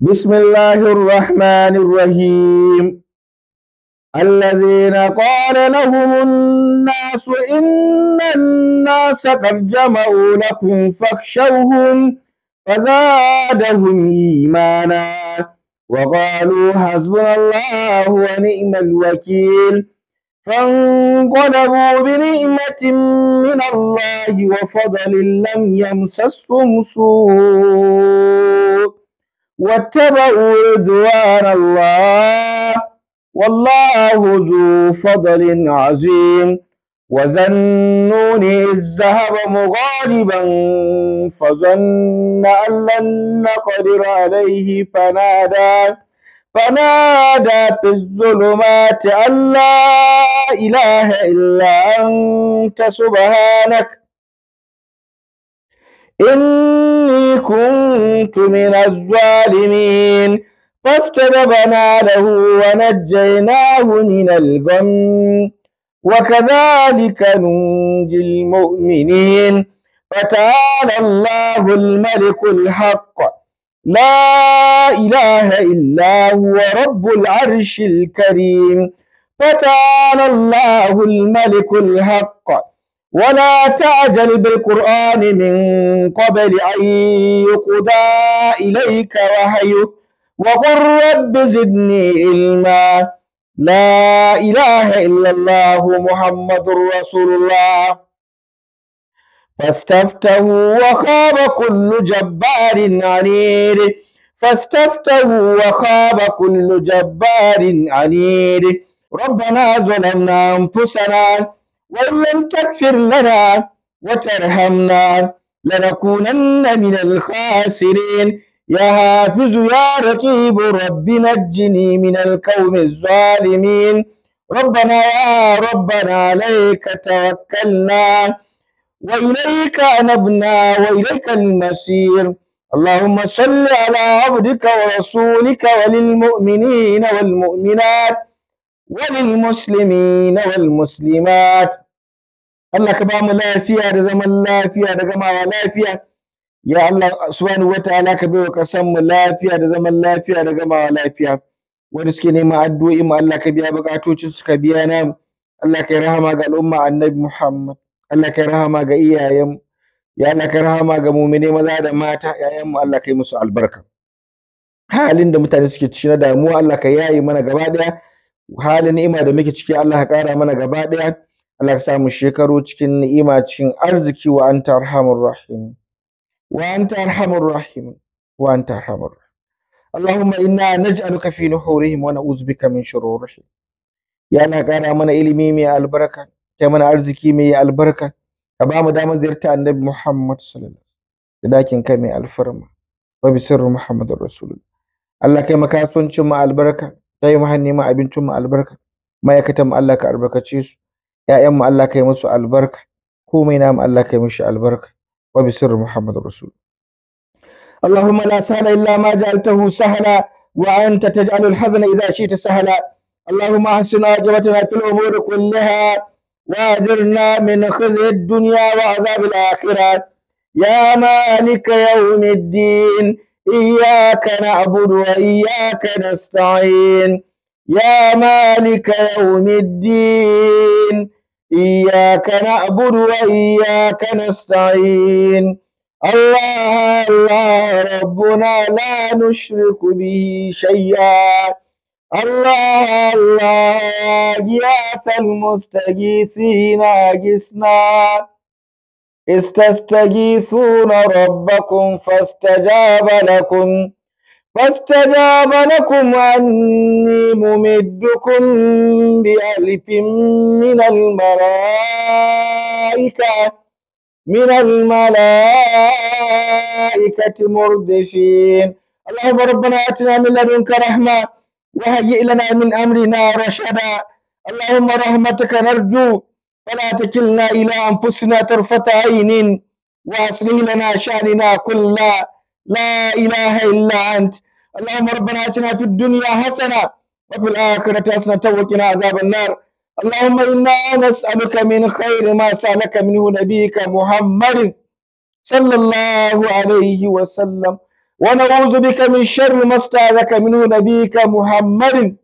بسم الله الرحمن الرحيم الذين قال لهم الناس إن الناس قد جمعوا لكم فاخشوهم فزادهم إيمانا وقالوا حسبنا الله ونعم الوكيل فانقلبوا بنعمة من الله وفضل لم يمسسهم سوء واتبعوا رضوان الله والله ذو فضل عظيم وظنون الذهب مغالبا فظن أن لن نقدر عليه فنادى فنادى في الظلمات أن لا إله إلا أنت سبحانك إني كنت من الظالمين فاستجبنا له ونجيناه من الغم وكذلك ننجي المؤمنين فتعالى الله الملك الحق لا إله إلا هو رب العرش الكريم فتعالى الله الملك الحق ولا تعجل بالقرآن من قبل أن يقضى إليك وحيه وقل رب زدني علما لا إله إلا الله محمد رسول الله فاستفته وخاب كل جبار عنيد فاستفته وخاب كل جبار عنيد ربنا ظلمنا أنفسنا وإن لم تغفر لنا وترحمنا لنكونن من الخاسرين يا حافظ يا رقيب رب نجني من القوم الظالمين ربنا يا ربنا عليك توكلنا وإليك أنبنا وإليك المسير اللهم صل على عبدك ورسولك وللمؤمنين والمؤمنات وللمسلمين والمسلمات Allah ka bamu lafiya da zaman lafiya da gamawa lafiya ya Allah subhanahu wataala ka baiwa kasan mu lafiya da zaman lafiya da gamawa lafiya Wani suke nema addu'o'i mu Allah ka biya bukatocin ka biya na Allah ka rahama ga al'umma annabi Muhammad Allah ka rahama ga iyayen ya Allah ka rahama ga mu'mine maza da mata iyayen Allah ka yi musu albarka halin da mutane suke ciki na damuwa Allah ka mana gaba halin ni'ima da muke ciki Allah ya ƙara mana gaba ɗaya Allah ya sa mu shekaru cikin ni'ima cikin arziki wa anta arhamur rahim wa anta arhamur rahim wa anta arhamur Allahumma inna naj'aluka fi nuhurihim wa na'udhu bika min shururihim ya Allah ƙara mana ilimi mai albarka ta mana arziki mai albarka ka ba mu damar ziyarta annabi Muhammad sallallahu alaihi wasallam da dakin kai mai alfarma wa bi sirri Muhammadur rasulullah Allah kai makasuncin mu albarka ta yi mahar neman abincin mu albarka ma'aikatan mu Allah ka albarkace su yayan mu Allah ka yi musu albarka komai na mu Allah ka yi mishi albarka wa bi sirri muhammad Rasul اللهم لا سهل إلا ما جعلته سهلا وأنت تجعل الحزن إذا شئت سهلا اللهم أحسن عاقبتنا في الأمور كلها وأجرنا من خزي الدنيا وعذاب الآخرة يا مالك يوم الدين إياك نعبد وإياك نستعين يا مالك يوم الدين إياك نعبد وإياك نستعين الله الله ربنا لا نشرك به شيئا الله الله يا المستغيثين أجسنا إذ ربكم فاستجاب لكم فاستجاب لكم أني ممدكم بألف من الملائكة من الملائكة مردفين اللهم ربنا آتنا من لدنك رحمة وهيئ لنا من أمرنا رشدا اللهم رحمتك نرجو فلا تكلنا إلى أنفسنا طرفة عين وأصلح لنا شأننا كله لا إله إلا أنت اللهم ربنا آتنا في الدنيا حسنة وفي الآخرة حسنة وقنا عذاب النار اللهم إنا نسألك من خير ما سألك منه نبيك محمد صلى الله عليه وسلم ونعوذ بك من شر ما استعاذك منه نبيك محمد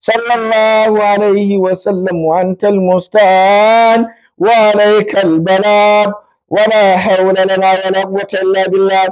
صلى الله عليه وسلم وأنت المستعان وعليك البلاغ ولا حول لنا ولا قوة إلا بالله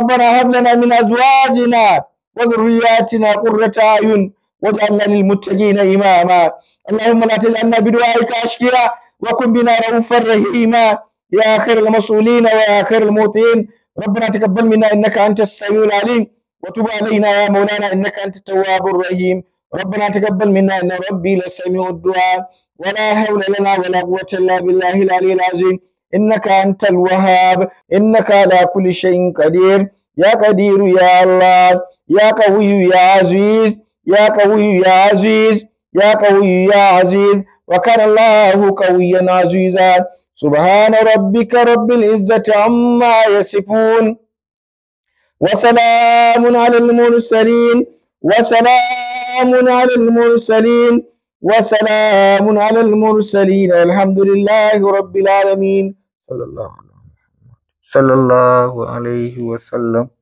ربنا هب لنا من أزواجنا وذرياتنا قرة أعين واجعلنا للمتقين إماما اللهم لا تجعلنا بدعائك اشقياء وكن بنا رؤوفا رحيما يا خير المسؤولين ويا خير الموطئين ربنا تقبل منا إنك أنت السميع العليم وتب علينا يا مولانا إنك أنت التواب الرحيم ربنا تقبل منا إن ربي لسميع الدعاء ولا حول لنا ولا قوة إلا بالله العلي العظيم إنك أنت الوهاب إنك على كل شيء قدير يا قدير يا الله يا قوي يا عزيز يا قوي يا عزيز يا قوي يا عزيز وكان الله قويا عزيزا سبحان ربك رب العزة عما يصفون وسلام على المرسلين وسلام وسلام على المرسلين وسلام على المرسلين الحمد لله رب العالمين صلى الله عليه وسلم